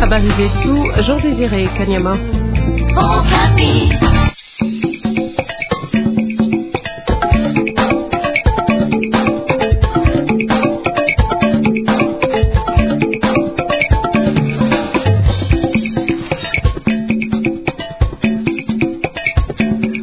Habari zetu Jean Désiré Kanyama. Okapi.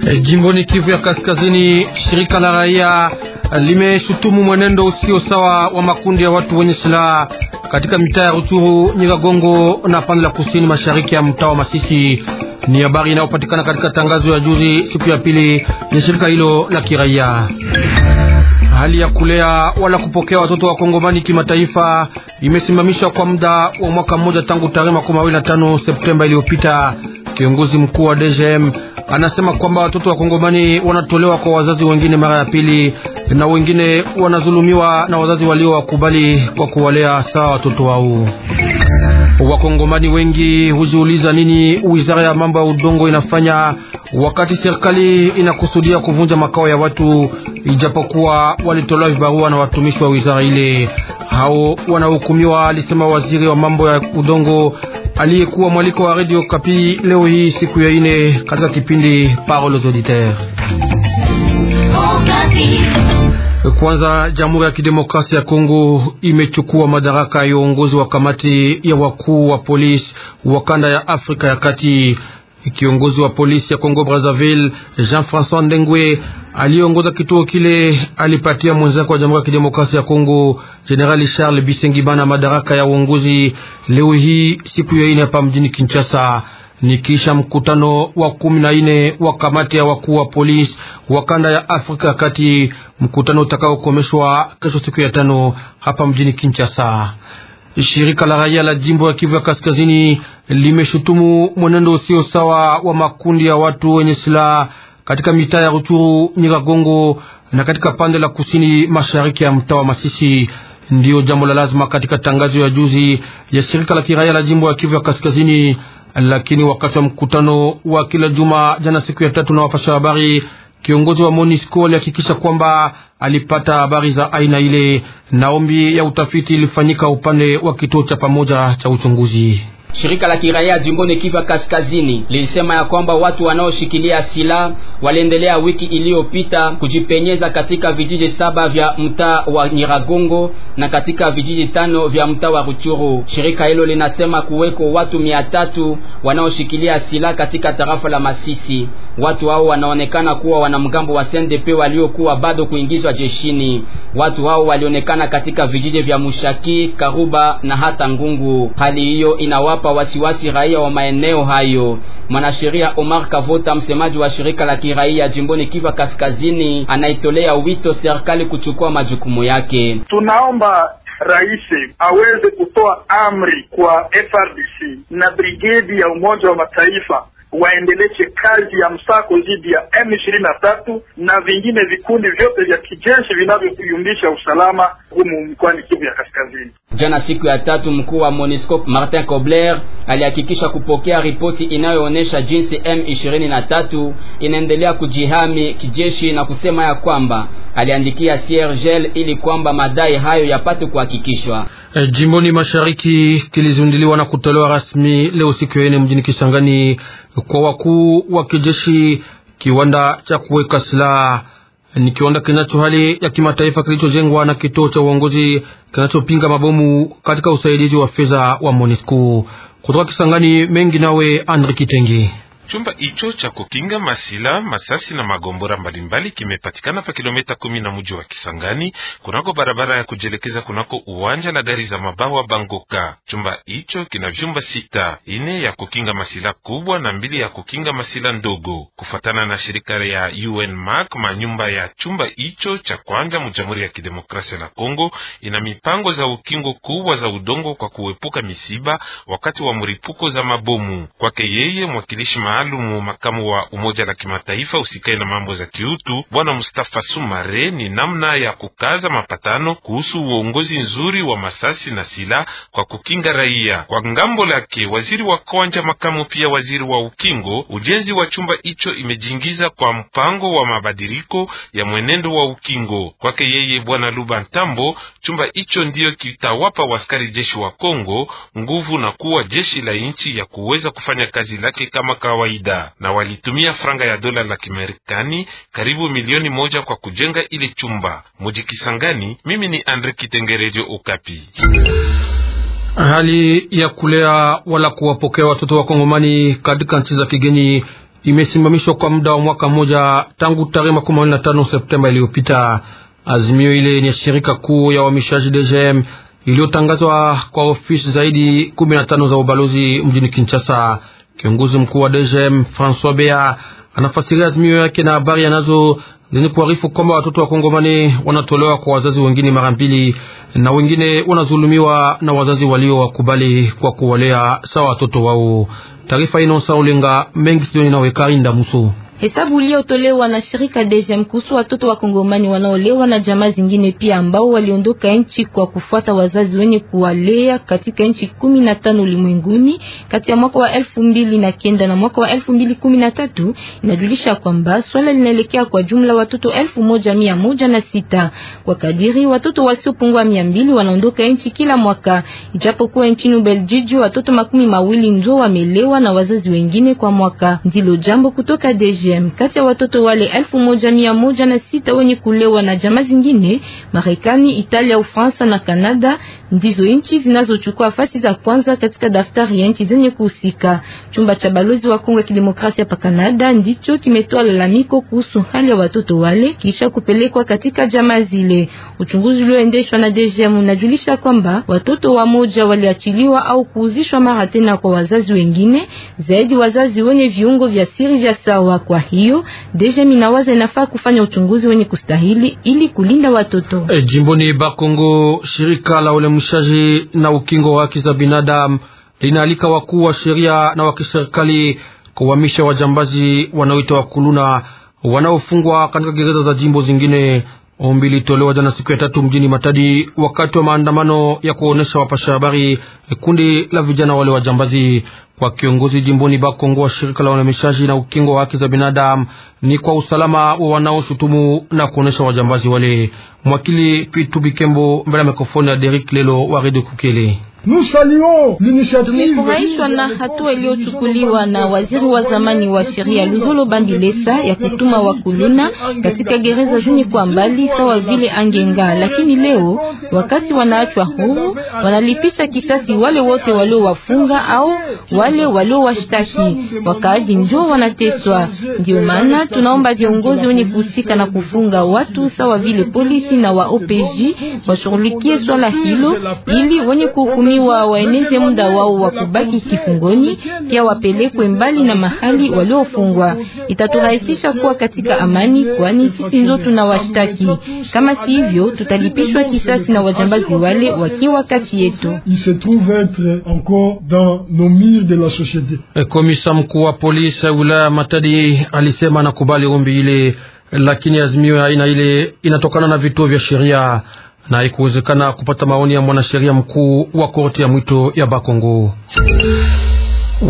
Eh, jimboni Kivu ya Kaskazini, shirika la raia Eh, limeshutumu mwenendo usio sawa wa makundi ya watu wenye silaha katika mitaa ya Rutshuru, Nyiragongo na pande la kusini mashariki ya mtaa wa Masisi. Ni habari inayopatikana katika tangazo ya juzi siku ya pili ya shirika hilo la kiraia. Hali ya kulea wala kupokea watoto wa Kongomani kimataifa imesimamishwa kwa muda wa mwaka mmoja tangu tarehe 25 Septemba iliyopita. Kiongozi mkuu wa DGM anasema kwamba watoto wa Kongomani wanatolewa kwa wazazi wengine mara ya pili, na wengine wanazulumiwa na wazazi walio wakubali kwa kuwalea sawa watoto wao. Wakongomani wengi hujiuliza nini wizara ya mambo ya udongo inafanya wakati serikali inakusudia kuvunja makao ya watu, ijapokuwa walitolewa vibarua na watumishi wa wizara ile. Hao wanahukumiwa, alisema waziri wa mambo ya udongo aliyekuwa mwaliko wa Radio Kapi leo hii siku ya ine katika kipindi Parole aux auditeurs. Kwanza, Jamhuri ya Kidemokrasia ya Kongo imechukua madaraka ya uongozi wa kamati ya wakuu wa polisi wa kanda ya Afrika ya Kati. Kiongozi wa polisi ya Kongo Brazzaville Jean-François Ndengwe aliongoza kituo kile alipatia mwenzake wa Jamhuri ya Kidemokrasia ya Kongo Generali Charles Bisengibana madaraka ya uongozi leo hii siku ya ine hapa mjini Kinshasa ni kisha mkutano wa kumi na ine wa kamati ya wakuu wa polisi wa kanda ya Afrika Kati, mkutano utakaokomeshwa kesho siku ya tano hapa mjini Kinshasa. Shirika la raia la jimbo ya Kivu ya Kaskazini limeshutumu mwenendo usio sawa wa makundi ya watu wenye silaha katika mitaa ya Ruchuru, Nyiragongo na katika pande la kusini mashariki ya mtaa wa Masisi. Ndiyo jambo la lazima katika tangazo ya juzi ya shirika la kiraia la jimbo ya Kivu ya Kaskazini. Lakini wakati wa mkutano wa kila juma jana siku ya tatu na wapasha habari, kiongozi wa MONUSCO alihakikisha kwamba alipata habari za aina ile, na ombi ya utafiti ilifanyika upande wa kituo cha pamoja cha uchunguzi. Shirika la kiraia jimboni Kivu Kaskazini lilisema ya kwamba watu wanaoshikilia silaha waliendelea wiki iliyopita kujipenyeza katika vijiji saba vya mtaa wa Nyiragongo na katika vijiji tano vya mtaa wa Ruchuru. Shirika hilo linasema kuweko watu mia tatu wanaoshikilia silaha katika tarafa la Masisi. Watu hao wanaonekana kuwa wanamgambo wa SNDP waliokuwa bado kuingizwa jeshini. Watu hao walionekana katika vijiji vya Mushaki, Karuba na hata Ngungu. Hali hiyo inawa kuwapa wasiwasi raia wa maeneo hayo. Mwanasheria Omar Kavota, msemaji wa shirika la kiraia jimboni Kiva Kaskazini, anaitolea wito serikali kuchukua majukumu yake. Tunaomba rais aweze kutoa amri kwa FRDC na brigedi ya Umoja wa Mataifa waendeleshe kazi ya msako dhidi ya M23 na vingine vikundi vyote vya kijeshi vinavyoyumbisha usalama humu mkoani Kivu ya Kaskazini. Jana siku ya tatu, mkuu wa MONUSCO Martin Kobler alihakikisha kupokea ripoti inayoonyesha jinsi M23 inaendelea kujihami kijeshi na kusema ya kwamba aliandikia gel ili kwamba madai hayo yapate kuhakikishwa. Eh, jimboni mashariki kilizunduliwa na kutolewa rasmi leo siku ya ine mjini Kisangani eh, kwa wakuu wa kijeshi kiwanda cha kuweka silaha. Eh, ni kiwanda kinacho hali ya kimataifa kilichojengwa na kituo cha uongozi kinachopinga mabomu katika usaidizi wa fedha wa MONUSCO kutoka Kisangani. Mengi nawe Andre Kitengi. Chumba hicho cha kukinga masila masasi na magombora mbalimbali kimepatikana pa kilomita kumi na mji wa Kisangani kunako barabara ya kujielekeza kunako uwanja la gari za mabawa Bangoka. Chumba hicho kina vyumba sita, ine ya kukinga masila kubwa na mbili ya kukinga masila ndogo. Kufatana na shirika ya UN Mark, manyumba ya chumba hicho cha kwanza mujamhuri ya kidemokrasia la Kongo ina mipango za ukingo kubwa za udongo kwa kuepuka misiba wakati wa mripuko za mabomu. Kwake yeye mwakilishi maalumu makamu wa Umoja la Kimataifa usikae na mambo za kiutu Bwana Mustafa Sumare ni namna ya kukaza mapatano kuhusu uongozi nzuri wa masasi na silaha kwa kukinga raia. Kwa ngambo lake, waziri wa Kwanja makamu pia waziri wa ukingo, ujenzi wa chumba hicho imejiingiza kwa mpango wa mabadiliko ya mwenendo wa ukingo. Kwake yeye Bwana Luba Ntambo, chumba hicho ndiyo kitawapa waskari jeshi wa Kongo nguvu na kuwa jeshi la nchi ya kuweza kufanya kazi lake kama kawaida kawaida, na walitumia franga ya dola la Kimarekani karibu milioni moja kwa kujenga ile chumba Kisangani. Mimi ni Andre Kitengerejo, Okapi. Hali ya kulea wala kuwapokea watoto wa Kongomani katika nchi za kigeni imesimamishwa kwa muda wa mwaka mmoja tangu tarehe makumi mawili na tano Septemba iliyopita. Azimio ile ni shirika kuu ya uhamishaji DGM iliyotangazwa kwa ofisi zaidi 15 za ubalozi mjini Kinshasa. Kiongozi mkuu wa DGM François Bea anafasiria azimio yake na habari anazo zenye kuarifu kwamba watoto wa Kongomani wanatolewa kwa wazazi wengine mara mbili na wengine wanazulumiwa na wazazi walio wakubali kwa kuwalea sawa watoto wao. Taarifa inosa mengi sioni nawekarinda muso Hesabu iliyotolewa na shirika DGM kuhusu watoto wa Kongomani wanaolewa na jamaa zingine pia ambao waliondoka nchi kwa kufuata wazazi wenye kuwalea katika nchi 15 ulimwenguni kati ya mwaka wa elfu na kenda na mwaka wa 2013 inajulisha kwamba swala linaelekea kwa jumla watoto 1106 kwa kadiri watoto wasiopungua 200 wanaondoka nchi kila mwaka, ijapokuwa nchini Ubelgiji watoto makumi mawili ndio wamelewa na wazazi wengine kwa mwaka. Ndilo jambo kutoka DGM. Belgium. Kati ya watoto wale elfu moja mia moja na sita wenye kulewa na jama zingine, Marekani, Italia, Ufaransa na Kanada ndizo nchi zinazochukua fasi za kwanza katika daftari ya nchi zenye kuhusika. Chumba cha balozi wa Kongo ya Kidemokrasia pa Kanada ndicho kimetoa lalamiko kuhusu hali ya watoto wale kisha kupelekwa katika jama zile. Uchunguzi ulioendeshwa na DGM unajulisha kwamba watoto wa moja waliachiliwa au kuuzishwa mara tena kwa wazazi wengine, zaidi wazazi wenye viungo vya siri vya sawa kwa kwa hiyo deje minawaza inafaa kufanya uchunguzi wenye kustahili ili kulinda watoto. E, jimboni Bakongo, shirika la ulemshaji na ukingo wa haki za binadamu linaalika wakuu wa sheria na wa kiserikali kuhamisha wajambazi wanaoitwa wakuluna wanaofungwa katika gereza za jimbo zingine Ombi litolewa jana siku ya tatu mjini Matadi wakati wa maandamano ya kuonesha wapasha habari kundi la vijana wale wajambazi. Kwa kiongozi jimboni Bakongo wa shirika la unemishaji na ukingo wa haki za binadamu, ni kwa usalama wa wanaoshutumu na kuonesha wajambazi wale. Mwakili Pitu Bikembo mbele ya mikrofoni ya Derik Lelo wa Redio Kukele. Tumefurahishwa na hatua iliyochukuliwa na waziri wa zamani wa sheria Luzolo Bambilesa ya kutuma wakuluna katika gereza zini kwa mbali sawa vile Angenga, lakini leo wakati wanaachwa huru wanalipisha kisasi wale wote waliowafunga au wale waliowashtaki. Wakaaji njo wanateswa. Ndio maana tunaomba viongozi wenye kuhusika na kufunga watu sawa vile polisi na wa OPJ washughulikie swala hilo ili wenye kuhukumiwa watuhumiwa waeneze muda wao wa kubaki kifungoni, pia wapelekwe mbali na mahali waliofungwa. Itaturahisisha kuwa katika amani, kwani sisi ndio tunawashtaki. Kama si hivyo, tutalipishwa kisasi na wajambazi wale wakiwa kati yetu. Eh, komisa mkuu wa polisi wilaya Matadi alisema anakubali ombi ile, lakini azimio ya aina ile inatokana na vituo vya sheria na haikuwezekana kupata maoni ya mwanasheria mkuu wa korti ya mwito ya Bakongo.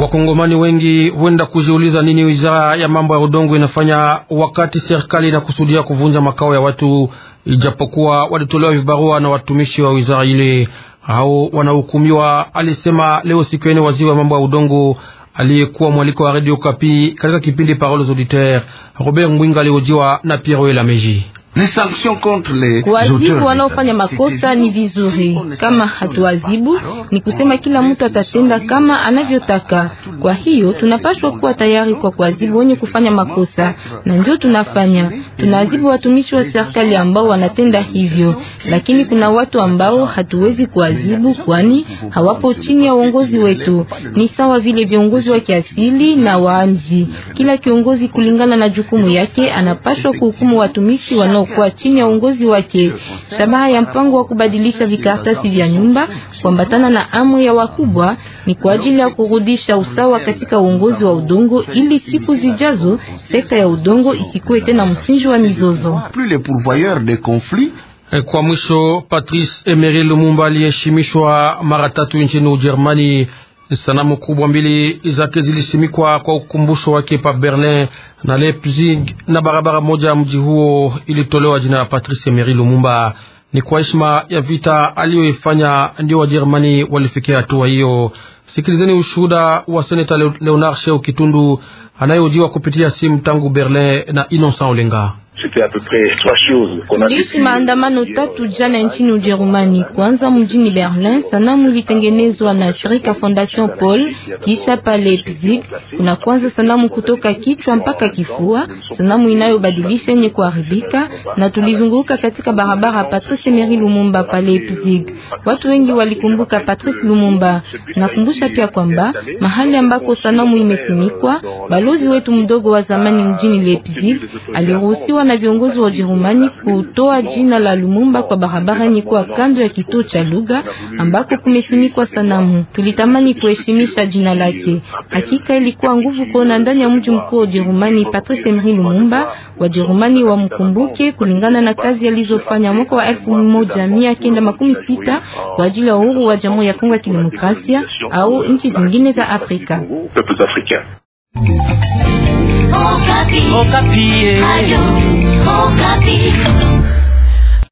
Wakongomani wengi huenda kujiuliza nini wizara ya mambo ya udongo inafanya wakati serikali inakusudia kuvunja makao ya watu, ijapokuwa walitolewa vibarua na watumishi wa wizara ile au wanahukumiwa, alisema leo siku ene waziri wa mambo ya udongo aliyekuwa mwaliko wa Radio Kapi katika kipindi Paroles Auditeurs. Robert Mwinga aliojiwa na Pierre Elameji. Kuwazibu wanaofanya makosa ni vizuri, kama hatuwazibu ni kusema kila mtu atatenda kama anavyotaka. Kwa hiyo tunapaswa kuwa tayari kwa kuwazibu wenye kufanya makosa, na ndio tunafanya. tunaazibu watumishi wa serikali ambao wanatenda hivyo, lakini kuna watu ambao hatuwezi kuwazibu, kwani hawapo chini ya uongozi wetu. Ni sawa vile viongozi wa kiasili na waanzi. Kila kiongozi kulingana na jukumu yake anapaswa kuhukumu watumishi wanao kwa chini ya uongozi wake. Shabaha ya mpango wa kubadilisha vikaratasi vya nyumba kuambatana na amri ya wakubwa ni kwa ajili ya kurudisha usawa katika uongozi wa udongo, ili siku zijazo sekta ya udongo isikuwe tena msingi wa mizozo. Eh, kwa mwisho, Patrice Emery Lumumba aliyeshimishwa mara tatu nchini Ujerumani Sanamu kubwa mbili zake zilisimikwa kwa ukumbusho wake pa Berlin na Leipzig, na barabara moja mji huo ilitolewa jina ya Patrice Emery Lumumba. Ni kwa heshima ya vita aliyoifanya ndio Wajerumani walifikia hatua hiyo. Sikilizeni ushuhuda wa seneta Leonard Sheu Kitundu anayehojiwa kupitia simu tangu Berlin na Innocent Olenga. Kuhusu maandamano tatu jana nchini Ujerumani, kwanza mjini Berlin, sanamu ilitengenezwa na shirika Fondation Paul, kisha pale Leipzig kuna kwanza sanamu kutoka kichwa mpaka kifua, sanamu inayobadilisha yenye kuharibika, na tulizunguka katika barabara Patrice Emery Lumumba pale Leipzig. Watu wengi walikumbuka Patrice Lumumba. Nakumbusha pia kwamba mahali ambako sanamu imesimikwa, balozi wetu mdogo wa zamani mjini Leipzig aliruhusiwa na viongozi wa Ujerumani kutoa jina la Lumumba kwa barabara yenye kuwa kando ya kituo cha lugha ambako kumesimikwa sanamu. Tulitamani kuheshimisha jina lake. Hakika ilikuwa nguvu kuona ndani ya mji mkuu wa Ujerumani Patrice Emery Lumumba, Wajerumani wamkumbuke kulingana na kazi alizofanya mwaka wa elfu moja mia kenda makumi sita kwa ajili ya uhuru wa Jamhuri ya Kongo ya Kidemokrasia au nchi zingine za Afrika. Okapi. Okapi. Eh.